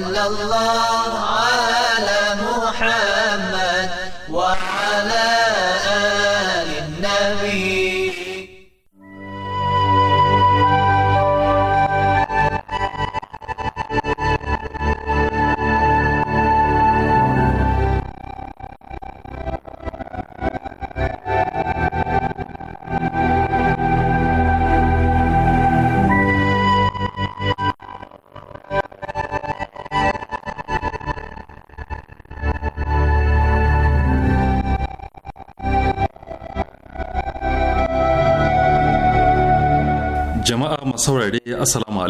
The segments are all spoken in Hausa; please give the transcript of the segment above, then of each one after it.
sallallahu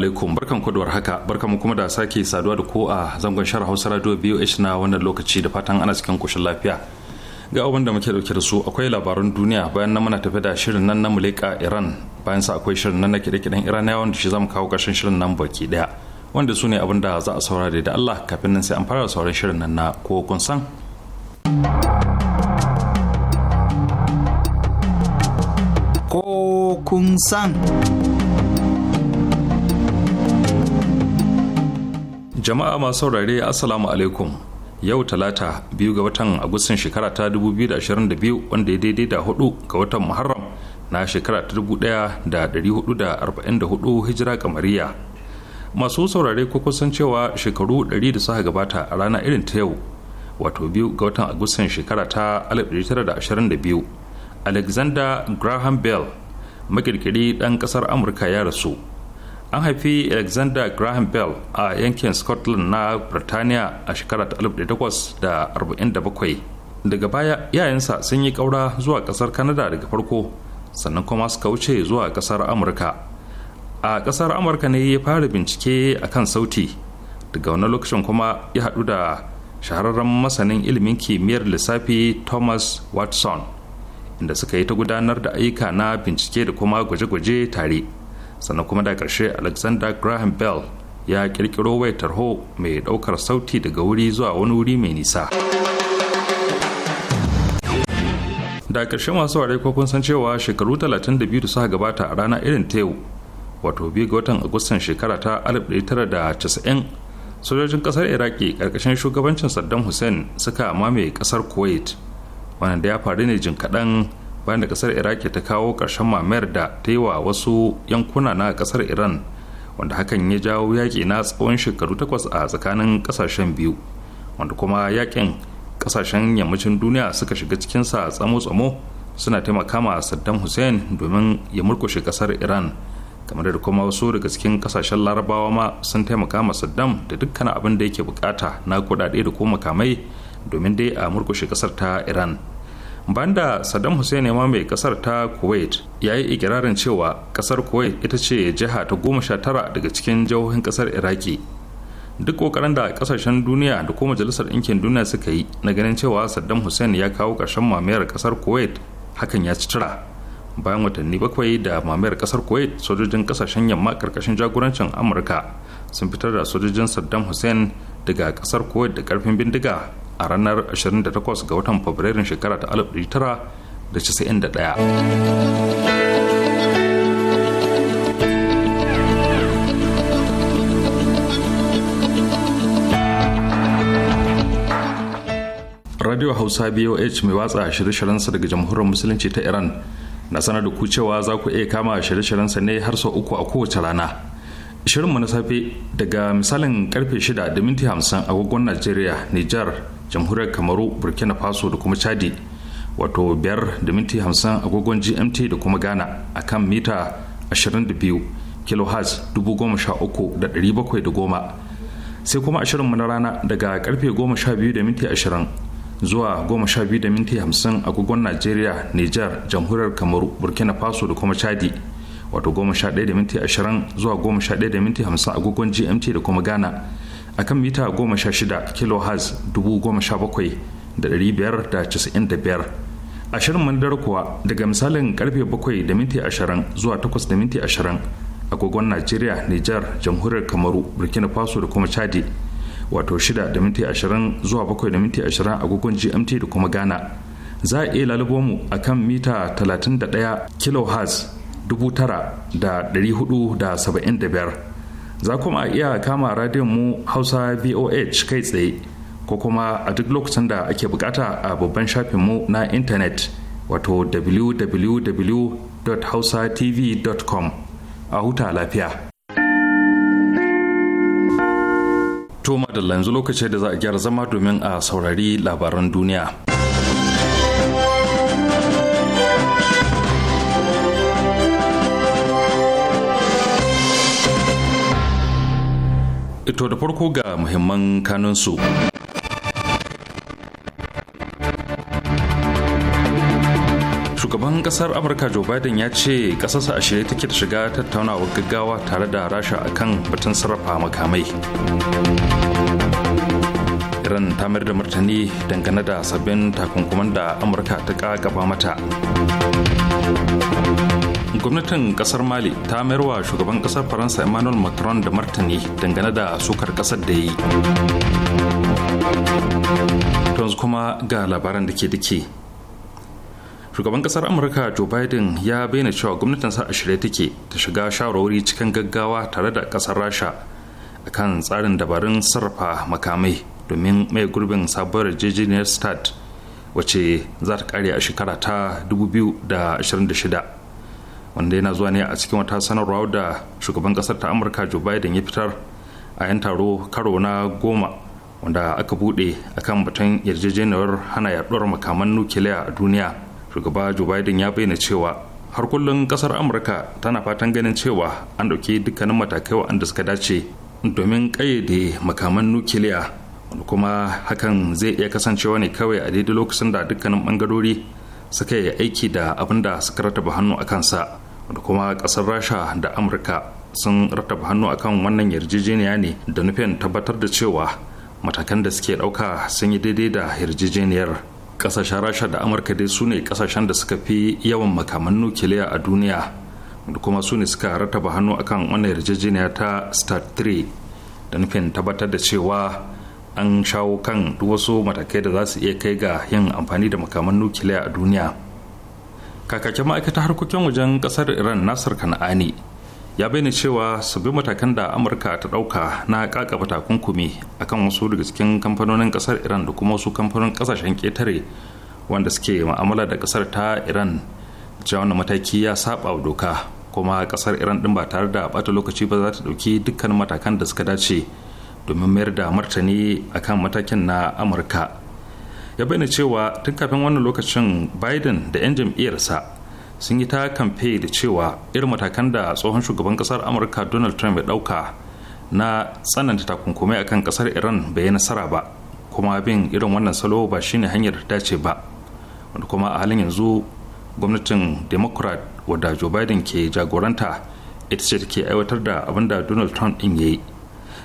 alaikum barkan kwadwar haka barkan mu kuma da sake saduwa da ko a zangon shara hausa radio BOH na wannan lokaci da fatan ana cikin koshin lafiya. Ga abin da muke dauke da su akwai labaran duniya bayan nan muna tafi da shirin nan na muleka Iran bayan sa akwai shirin nan na kide-kiden na wanda shi zamu kawo ƙarshen shirin nan baki daya. Wanda su ne abin da za a saura da Allah kafin nan sai an fara sauran shirin nan na ko kun san. Ko kun san. jama'a masu saurare assalamu alaikum yau talata biyu ga watan agustan shekara ta 2022 wanda ya daidai da hudu ga watan muharram na shekara ta 1444 hijira kamariya masu saurare ko kusan cewa shekaru 100 da suka gabata a rana irin ta yau wato biyu ga watan agustan shekara ta 1922 alexander graham bell makirkiri dan kasar amurka ya rasu an haifi alexander graham bell a yankin scotland na birtaniya a shekara da da bakwai daga baya yayansa sun yi kaura zuwa kasar canada daga farko sannan kuma suka wuce zuwa kasar amurka a kasar amurka ne ya fara bincike a kan sauti daga wani lokacin kuma ya haɗu da shahararren masanin ilimin kimiyyar lissafi thomas watson inda suka yi ta gudanar da ayyuka na bincike da kuma gwaje-gwaje tare sannan kuma da karshe alexander graham bell ya kirkiro wai tarho mai ɗaukar sauti daga wuri zuwa wani wuri mai nisa da ƙarshe masu ware ko san cewa shekaru 32 da suka gabata a rana irin ta yau wato biyu ga watan agustan shekara ta 1990 sojojin kasar iraki karkashin shugabancin saddam hussein suka mamaye kasar kuwait wanda ya faru ne jin kaɗan bayan da kasar iraki ta kawo ƙarshen mamayar da ta yi wa wasu yankuna na kasar iran wanda hakan ya jawo yaƙi na tsawon shekaru takwas a tsakanin ƙasashen biyu wanda kuma yaƙin ƙasashen yammacin duniya suka shiga cikinsa tsamo-tsamo suna taimaka ma saddam hussein domin ya murkushe kasar iran kamar da kuma wasu daga cikin ƙasashen larabawa ma sun taimaka ma saddam da dukkan abin da yake bukata na kuɗaɗe da kuma makamai domin dai a murkushe ƙasar ta iran banda saddam hussein ma mai kasar ta kuwait ya yi ikirarin cewa kasar kuwait ita ce jiha ta goma sha tara daga cikin jihohin kasar iraki duk kokarin da kasashen duniya da kuma majalisar ɗinkin duniya suka yi na ganin cewa saddam hussein ya kawo ƙarshen mamayar kasar kuwait hakan ya ci tura bayan watanni bakwai da mamayar kasar kuwait sojojin kasashen yamma karkashin jagorancin amurka sun fitar da sojojin saddam hussein daga kasar kuwait da karfin bindiga a ranar 28 ga watan fabrairun shekara ta 1991 radio hausa boh mai watsa shirye-shiryensa daga jamhuriyar musulunci ta iran na sanar da ku cewa za ku iya kama shirye-shiryensa ne har sau uku a kowace rana mu na safe daga misalin karfe 6 da minti 50 agogon najeriya niger jamhuriyar kamaru burkina faso da kuma chadi wato 5 da minti 50 agogon gmt da kuma ghana a kan mita 22 kilohertz 13710 sai kuma ashirinmu na rana daga karfe 12 da minti 20 zuwa 12 da minti 50 agogon nigeria niger jamhuriyar kamaru burkina faso da kuma chadi wato 11 da minti 20 zuwa 11 da minti 50 agogon gmt da kuma ghana a kan mita 16 kilohertz 17,595 a shirin mandar kuwa daga misalin karfe 7 da minti 20 zuwa 8 da minti 20 agogon najeriya Nijar, jamhuriyar kamaru burkina faso da kuma chadi wato 6 da minti 20 zuwa 7 da minti 20 agogon gmt da kuma ghana za a iya lalubo mu a kan mita 31 kilohertz 9,475 za kuma iya kama radiyon mu hausa voh kai tsaye ko kuma a duk lokacin da ake bukata a babban shafin mu na intanet wato www.hausatv.com a huta lafiya to da yanzu lokacin da za a gyara zama domin a saurari labaran duniya. To da farko ga muhimman kanunsu. Shugaban kasar Amurka Joe Biden ya ce kasarsa a shirye take da shiga tattaunawar gaggawa tare da rasha akan batun sarrafa makamai. Iran ta mayar da martani dangane da sabbin takunkuman da Amurka ta gaba mata. gwamnatin kasar mali ta mayarwa shugaban kasar faransa emmanuel macron da martani dangane da sukar kasar da yi yanzu kuma ga labaran da ke dake shugaban kasar amurka joe biden ya bayyana cewa gwamnatinsa a shirye take ta shiga shawarwari cikin gaggawa tare da kasar rasha akan tsarin dabarun sarrafa makamai domin mai gurbin sabuwar yarjejeniyar start wace za ta kare a shekara ta 2026 wanda yana zuwa ne a cikin wata sanarwa da shugaban kasar ta amurka joe biden ya fitar a yan taro karo na goma wanda aka bude akan batun yarjejeniyar hana yaduwar makaman nukiliya a duniya shugaba joe biden ya bayyana cewa har kullum kasar amurka tana fatan ganin cewa an ɗauki dukkanin matakai waɗanda suka dace domin kayyade makaman nukiliya wanda kuma hakan zai iya kasancewa ne kawai a daidai lokacin da dukkanin bangarori suka yi aiki da abin da suka rataba hannu a kansa da kuma ƙasar rasha da amurka sun rataba hannu akan wannan yarjejeniya ne da nufin tabbatar da cewa matakan da suke ɗauka sun yi daidai da yarjejeniyar ƙasashen rasha da amurka dai su ne ƙasashen da suka fi yawan makaman nukiliya a duniya da kuma su ne suka rataba hannu akan wannan yarjejeniya ta start 3 da nufin tabbatar da cewa an shawo kan duk wasu matakai da za su iya kai ga yin amfani da makaman nukiliya a duniya kakakin ma'aikatar harkokin wajen kasar iran nasir kana'ani ya bayyana cewa sabbin matakan da amurka ta dauka na kakaba takunkumi akan wasu daga cikin kamfanonin kasar iran da kuma wasu kamfanonin kasashen ketare wanda suke ma'amala da kasar ta iran cewa wannan mataki ya saba wa doka kuma kasar iran din ba tare da bata lokaci ba za ta dauki dukkan matakan da suka dace domin mayar da martani akan matakin na amurka ya bayyana cewa tun kafin wannan lokacin biden da 'yan jam'iyyarsa sun yi ta kamfe da cewa irin matakan da tsohon shugaban kasar amurka donald trump ya dauka na tsananta takunkumai akan kasar iran bai yi nasara ba kuma bin irin wannan salo ba shine hanyar dace ba wanda kuma a halin yanzu gwamnatin democrat wadda joe biden ke jagoranta ita ce take aiwatar da abin da donald trump din yayi.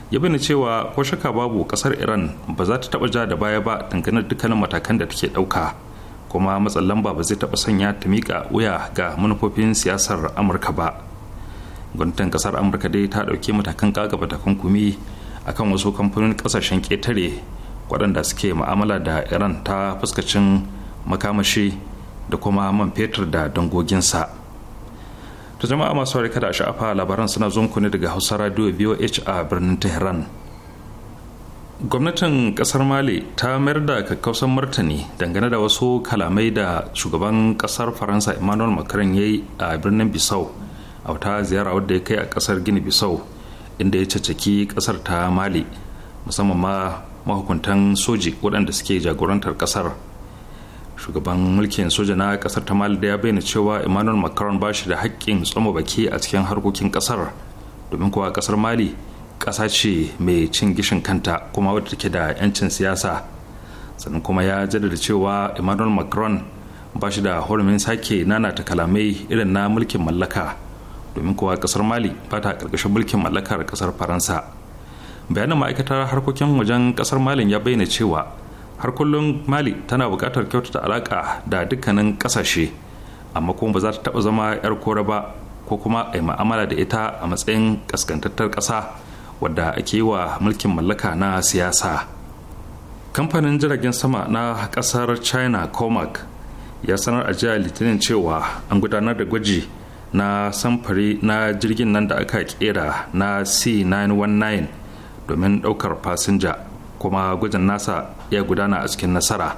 ya bayyana cewa ko shaka babu kasar iran ba za ta taba ja da baya ba dangane da dukkanin matakan da take dauka kuma matsin lamba ba zai taba sanya ta mika wuya ga manufofin siyasar amurka ba gwamnatin kasar amurka dai ta dauki matakan gagaba takunkumi akan wasu kamfanin kasashen ketare waɗanda suke ma'amala da iran ta fuskacin makamashi da kuma man fetur da dangoginsa to jama'a masu kada da sha'afa labaran suna zon muku ne daga hausa radio voh a birnin tehran gwamnatin kasar mali ta mayar da kakkausan martani dangane da wasu kalamai da shugaban kasar faransa emmanuel macron ya yi a birnin bisau a wata ziyara wadda ya kai a kasar gini bisau inda ya caccaki kasar ta mali musamman ma mahukuntan soji waɗanda suke jagorantar kasar shugaban mulkin soja na kasar ta mali da ya bayyana cewa emmanuel macron ba shi da haƙƙin tsoma baki a cikin harkokin kasar domin kuwa kasar mali ƙasa ce mai cin gishin kanta kuma wadda take da 'yancin siyasa sannan kuma ya jaddada cewa emmanuel macron ba shi da hurumin sake ta kalamai irin na mulkin mallaka domin kuwa kasar mali ba ta ƙarƙashin mulkin mallakar kasar faransa bayanin ma'aikatar harkokin wajen kasar malin ya bayyana cewa har kullum mali tana buƙatar kyautata alaƙa da dukkanin ƙasashe amma kuma ba za ta taɓa zama 'yar kora ba ko kuma a ma'amala da ita a matsayin ƙaskantattar ƙasa wadda ake yi wa mulkin mallaka na siyasa kamfanin jiragen sama na ƙasar china comac ya sanar a jiya litinin cewa an gudanar da gwaji na samfari na jirgin nan da aka kera na c919 domin ɗaukar fasinja kuma gwajin nasa ya gudana a cikin nasara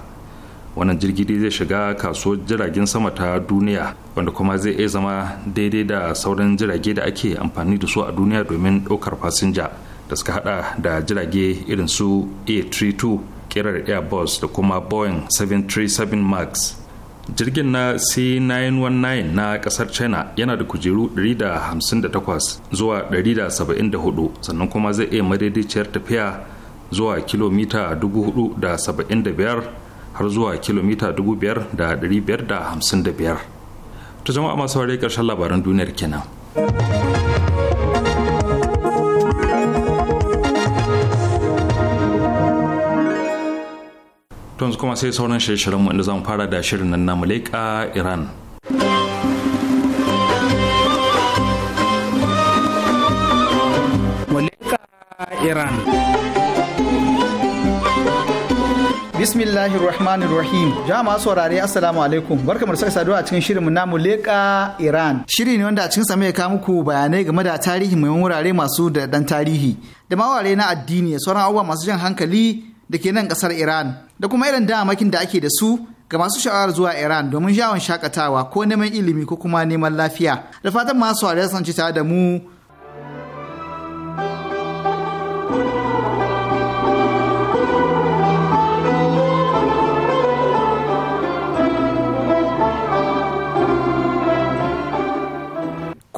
wannan jirgi zai shiga kasuwar jiragen sama ta duniya wanda kuma zai iya zama daidai da sauran jirage da ake amfani da su a duniya domin ɗaukar fasinja da suka hada da jirage irin su a32 kirar airbus da kuma boeing 737 max jirgin na c919 na kasar china yana da kujeru 158 zuwa 174 sannan kuma zai iya madaidaiciyar tafiya zuwa kilomita 475 har zuwa kilomita 5,555 ta jama'a masu ware ƙarshen labaran duniyar kenan. yanzu kuma sai sauran shirin shiryen mu inda zan fara da shirin nan na Muleka Iran. Muleka Iran. bismillahirrahmanirrahim rahmanir rahim jama'a saurare assalamu alaikum barkamu da sake saduwa a cikin shirin namu leka iran shiri ne wanda a cikin sa ya kawo muku bayanai game da tarihi mai wurare masu da dan tarihi da maware na addini sauran abubuwa masu jan hankali da ke nan kasar iran da kuma irin damakin da ake da su ga masu sha'awar zuwa iran domin jawon shakatawa ko neman ilimi ko kuma neman lafiya da fatan masu saurare sun ci tare da mu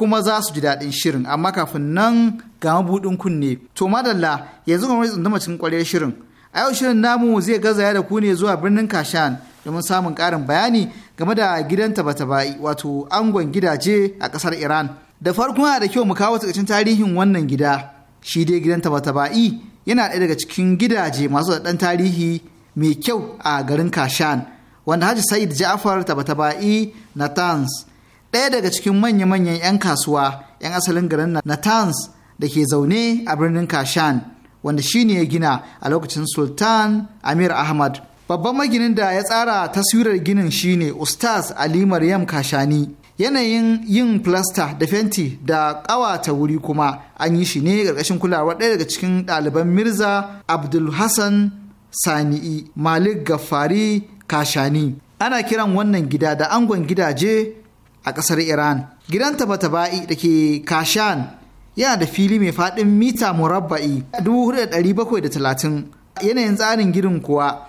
kuma za su ji daɗin shirin amma kafin nan ga mabuɗin kunne to madalla yanzu kuma tsunduma cikin kwaliyar shirin a yau shirin namu zai gazaya da ku ne zuwa birnin kashan domin samun ƙarin bayani game da gidan tabatabai wato angon gidaje a ƙasar iran da farko yana da kyau mu kawo takaicin tarihin wannan gida shi dai gidan tabatabai yana ɗaya daga cikin gidaje masu ɗan tarihi mai kyau a garin kashan wanda hajji sa'id ja'far tabatabai na tans. ɗaya daga cikin manya-manyan 'yan kasuwa 'yan asalin garin Natanz da ke zaune a birnin Kashan wanda shi ne ya gina a lokacin Sultan Amir Ahmad. Babban maginin da ya tsara taswirar ginin shine Ustaz Ali Maryam Kashani. Yanayin yin filasta da fenti da ƙawata wuri kuma an yi shi ne ƙarƙashin kulawar ɗaya daga cikin ɗaliban Mirza Abdul Hassan Sani'i Malik Gaffari Kashani. Ana kiran wannan gida da angon gidaje a ƙasar Iran. Gidan Tabatabai da ke Kashan yana da fili mai faɗin mita murabba'i da 4,730 yanayin tsarin girin kuwa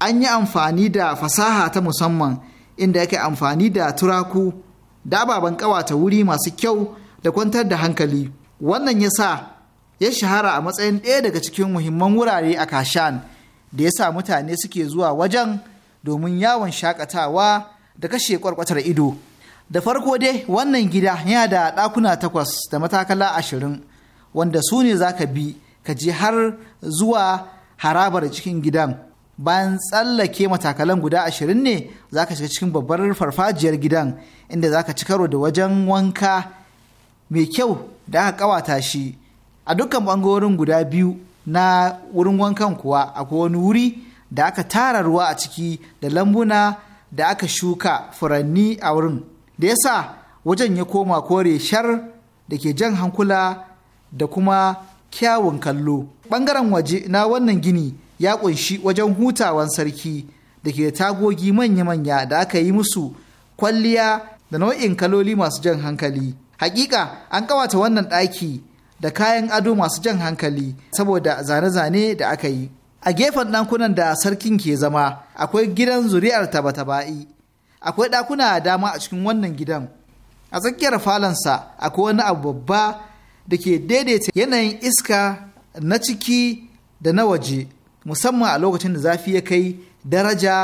an yi amfani da fasaha ta musamman inda yake amfani da turaku da ababen ƙawata wuri masu kyau da kwantar da hankali wannan ya sa ya shahara a matsayin ɗaya daga cikin muhimman wurare a kashan da ya sa mutane suke zuwa wajen domin yawon shakatawa da kashe kwarkwatar ido. da farko dai wannan gida yana da ɗakuna takwas da matakala ashirin wanda su ne za ka bi ka je har zuwa harabar cikin gidan bayan tsallake matakalan guda ashirin ne za ka shiga cikin babbar farfajiyar gidan inda za ka ci karo da wajen wanka mai kyau da aka kawata shi a dukkan bangarorin guda biyu na wurin wankan kuwa akwai wani wuri da aka tara ruwa a ciki da lambuna da aka shuka furanni a wurin da ya sa wajen ya koma kore shar da ke jan hankula da kuma kyawun kallo ɓangaren waje na wannan gini ya ƙunshi wajen hutawan sarki da ke tagogi manya-manya da aka yi musu kwalliya da nau'in kaloli masu jan hankali hakika an ƙawata wannan ɗaki da kayan ado masu jan hankali saboda zane-zane da aka yi a gefen ɗankunan da sarkin ke zama akwai gidan zuri'ar taba-taba'i akwai ɗakuna a dama a cikin wannan gidan a tsakiyar falansa akwai wani abu babba da ke daidaita yanayin iska na ciki da na waje musamman a lokacin da zafi ya kai daraja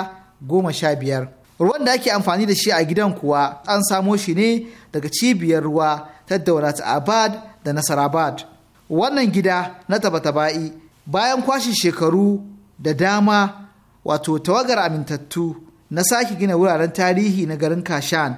goma sha biyar ruwan da ake amfani da shi a gidan kuwa an samo shi ne daga cibiyar ruwa ta daulat abad da nasarabad wannan gida na taba-taba'i bayan kwashe shekaru da dama wato tawagar amintattu na sake gina wuraren tarihi na garin kashan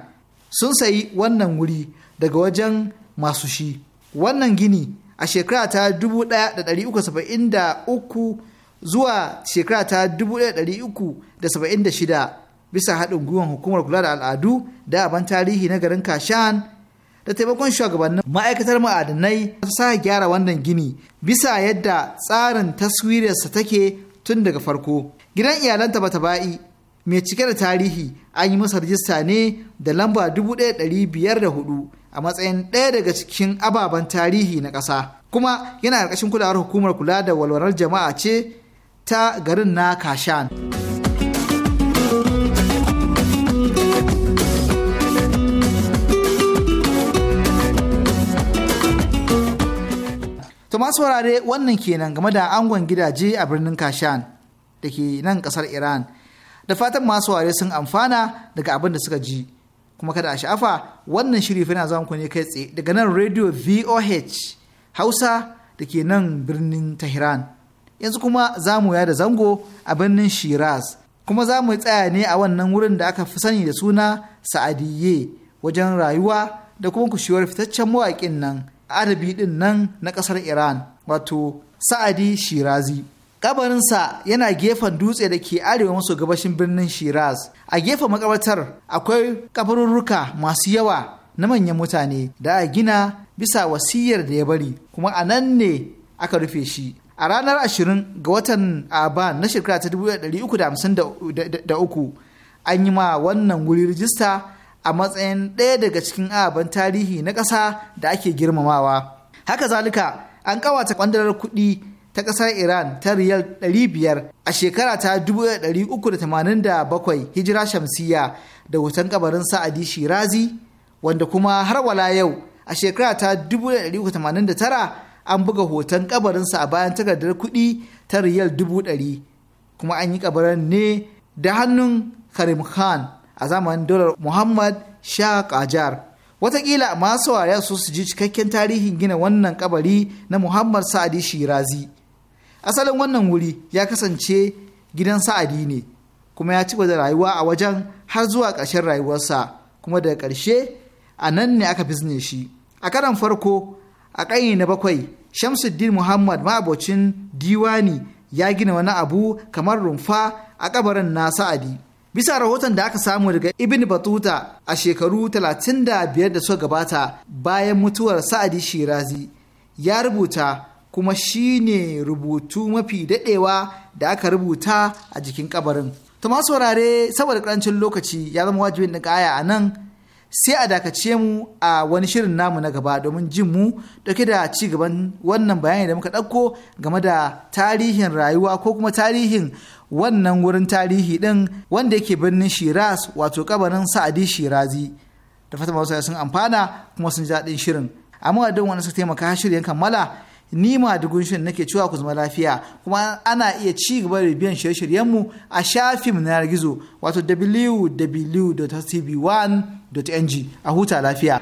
sun sayi wannan wuri daga wajen masu shi wannan gini a shekara ta 1373 zuwa shekara ta 1376 bisa haɗin gwiwar hukumar kula da al'adu da aban tarihi na garin kashan da taimakon shugabannin ma'aikatar ma'adanai su sa gyara wannan gini bisa yadda tsarin taswirarsa take tun daga farko gidan iyalanta bata ba'i mai cike da tarihi an yi masa rajista ne da lamba 1504 a matsayin ɗaya daga cikin ababen tarihi na ƙasa kuma yana ƙarƙashin kulawar hukumar kula da walwalar jama'a ce ta garin na kashan. Thomas masu wurare wannan kenan game da angon gidaje a birnin Kashan da ke nan kasar Iran. da fatan masu ware sun amfana daga abin da suka ji kuma kada a sha'afa wannan shiri fina za ku ne kai tsaye daga nan radio voh hausa da ke nan birnin tehran yanzu kuma za mu yada zango a birnin shiraz kuma za mu tsaya ne a wannan wurin da aka fi sani da suna sa'adiyye wajen rayuwa da kuma kushewar fitaccen mawaƙin nan adabi din nan na ƙasar iran wato sa'adi shirazi Kabarinsa yana gefen dutse da ke arewa maso gabashin birnin Shiraz. A gefen makabartar akwai kabarurruka masu yawa na manyan mutane da a gina bisa wasiyar da ya bari kuma a nan ne aka rufe shi. A ranar 20 ga watan Aban na shekara ta uku, an yi ma wannan wuri rijista a matsayin ɗaya daga cikin aban tarihi na ƙasa da ake girmamawa. Haka zalika an kawata kwandarar kuɗi ta ƙasar Iran ta riyal 500 a shekara ta 1387 hijira shamsiya da hoton kabarin Sa'adi Shirazi wanda kuma har wala yau a shekara ta 1989 an buga hoton ƙabarinsa a bayan takardar kuɗi ta riyal 100 kuma an yi kabarin ne da hannun Karim Khan a zamanin dolar Muhammad Shah Qajar. watakila masu wariya su su ji cikakken tarihin gina wannan kabari na Muhammad Sa'adi Shirazi. asalin wannan wuri ya kasance gidan sa'adi ne kuma ya ci da rayuwa a wajen har zuwa ƙarshen rayuwarsa kuma daga ƙarshe a nan ne aka bizne shi a karan farko a ƙanyi na bakwai shamsuddin muhammad ma'abocin diwani ya gina wani abu kamar rumfa a kabarin na sa'adi bisa rahoton da aka samu daga ibn batuta a shekaru 35 da suka gabata bayan mutuwar sa'adi shirazi ya rubuta kuma shi ne rubutu mafi daɗewa da aka rubuta a jikin kabarin. Tuma saurare saboda karancin lokaci ya zama wajibin da kaya a nan sai a dakace mu a wani shirin namu na gaba domin jin mu dauke da ci gaban wannan bayani da muka ɗauko game da tarihin rayuwa ko kuma tarihin wannan wurin tarihi ɗin wanda yake birnin Shiraz wato kabarin Sa'adi Shirazi. Da fata masu sun amfana kuma sun ji daɗin shirin. Amma don wani suka taimaka shirya kammala ni ma dugun shirin nake cewa ku zama lafiya kuma ana iya ci gaba da biyan shirye-shiryenmu a shafin na gizo wato www.tv1.ng a huta lafiya.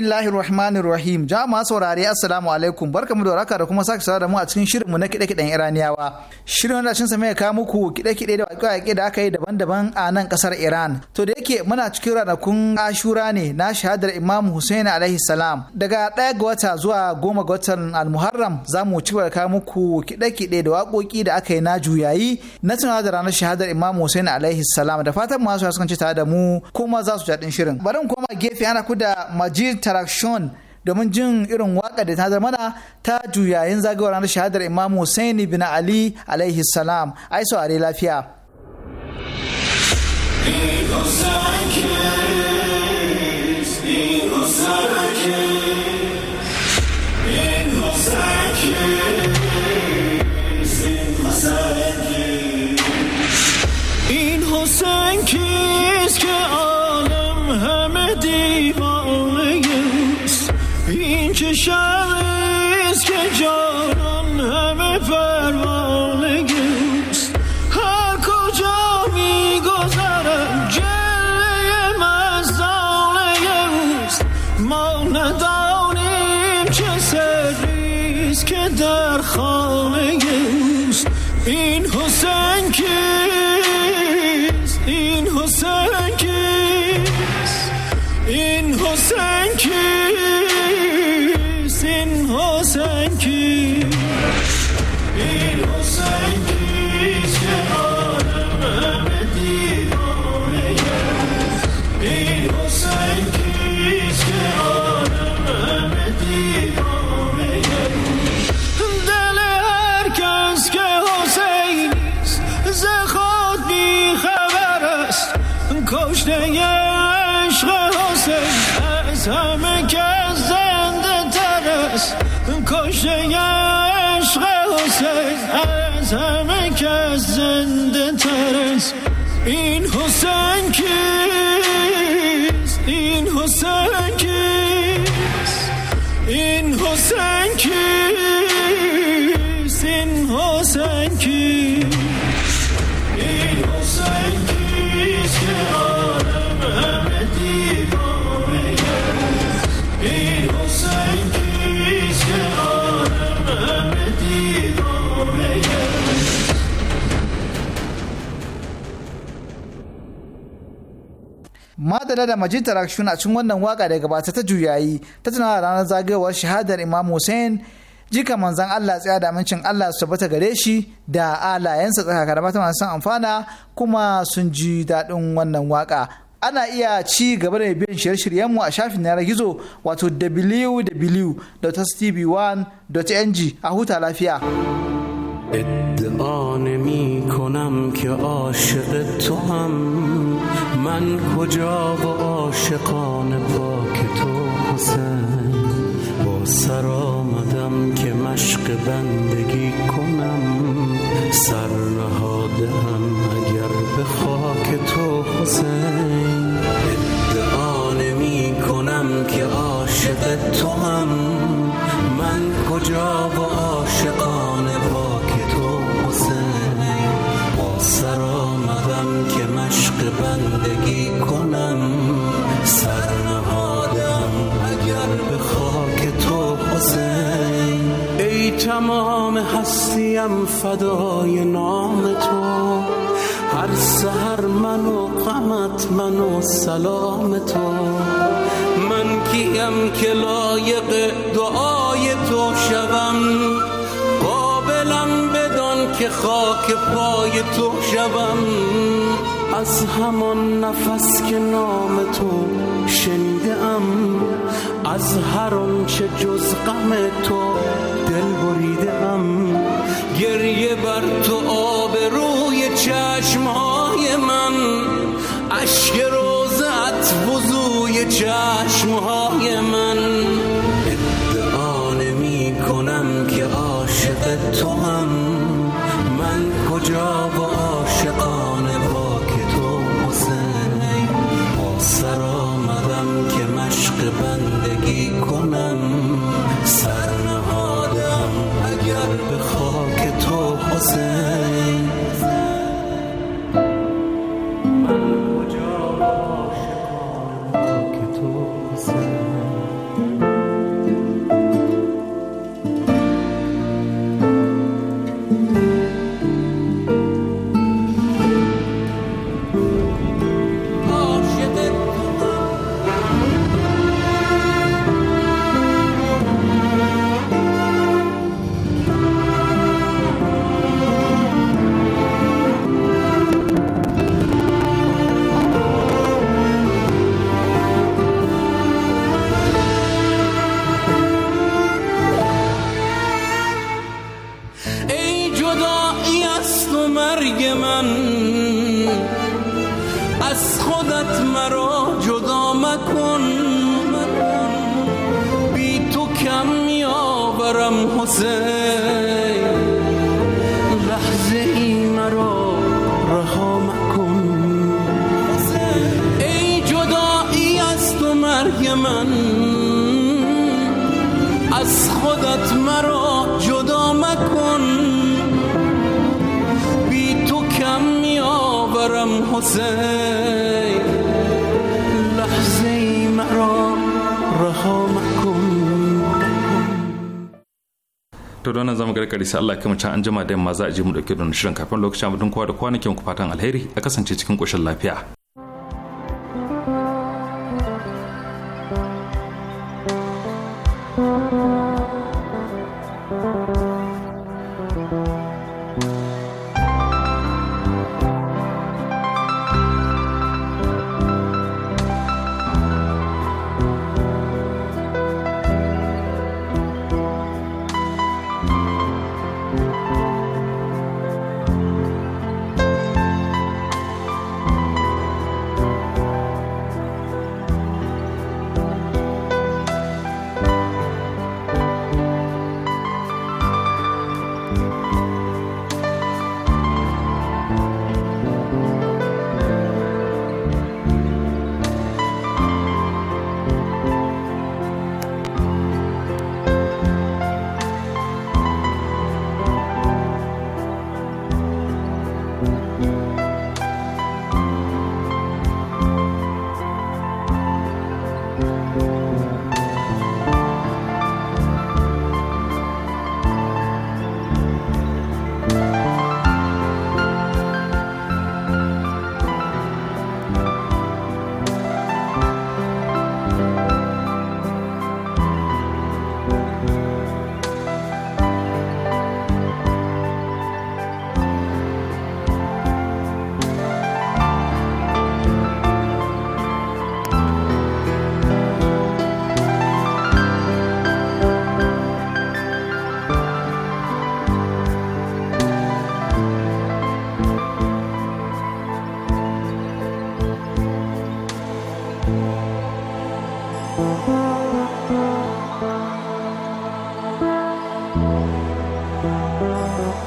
bismillahir rahmanir rahim jama'a saurare assalamu alaikum barkamu da raka da kuma sake saurara mu a cikin shirinmu na kide kiɗen iraniyawa shirin wanda shin same ka muku kiɗe-kiɗe da waƙe-waƙe da aka yi daban-daban a nan kasar iran to da yake muna cikin ranakun ashura ne na shahadar imam hussein alaihi salam daga ɗaya ga wata zuwa goma ga watan almuharram za mu ci ka muku kiɗe-kiɗe da waƙoƙi da aka yi na juyayi na tunawa da ranar shahadar imam hussein alaihi salam da fatan masu sukan ci tare da mu kuma za su jaɗin shirin bari mu koma gefe ana ku da majid interaction domin jin irin waka da ta mana ta juyayin zagayowar ranar shahadar imam hussein bin ali alaihi salam ai saurare lafiya Yeah. شمیست که جانان همه پروانگیست هر کجا می گذرم مزدانه اوست ما ندانیم چه سریست که در خانه اوست این این حسین کیست این حسین کیست این حسین کیست madala da majinta rakshun a cikin wannan waka da gabata ta juyayi ta tunawa ranar zagayowar shahadar imam hussein jika manzan allah tsaya da amincin allah su tabbata gare shi da alayensa tsakakar mata masu amfana kuma sun ji daɗin wannan waka ana iya ci gaba da biyan shirye-shiryenmu a shafin yanar gizo wato www.tv1.ng a huta lafiya. ادعا نمی کنم که عاشق تو هم من کجا و عاشقان پاک تو حسین با سر آمدم که مشق بندگی کنم سر نهادم اگر به خاک تو حسین ادعا نمی کنم که عاشق تو هم من کجا و فای فدای نام تو هر سهر من و منو من و سلام تو من کیم که لایق دعای تو شوم قابلم بدان که خاک پای تو شوم از همان نفس که نام تو شنیدم از هر آنچه جز غم تو دل گریه بر تو آب روی های من اشک روزت وضوی های من ادعا نمی کنم که عاشق تو هم لحظه ای مرا رها کن ای جدایی از تو مرگ من از خودت مرا جدا مکن بی تو کم می آورم حسین لحظه ای مرا رها to don zamu garkare sai Allah kuma can an jima da yamma za a je mu dauke da shirin kafin lokacin mu kowa da kwanakin ku fatan alheri a kasance cikin koshin lafiya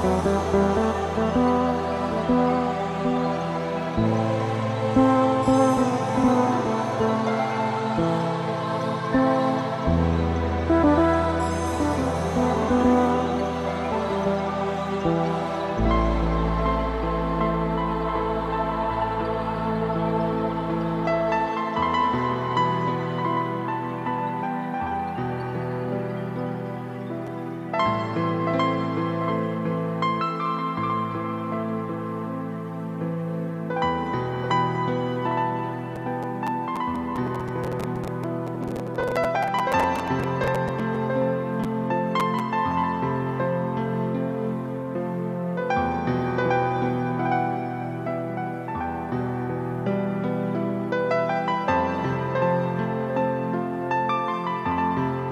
Thank you.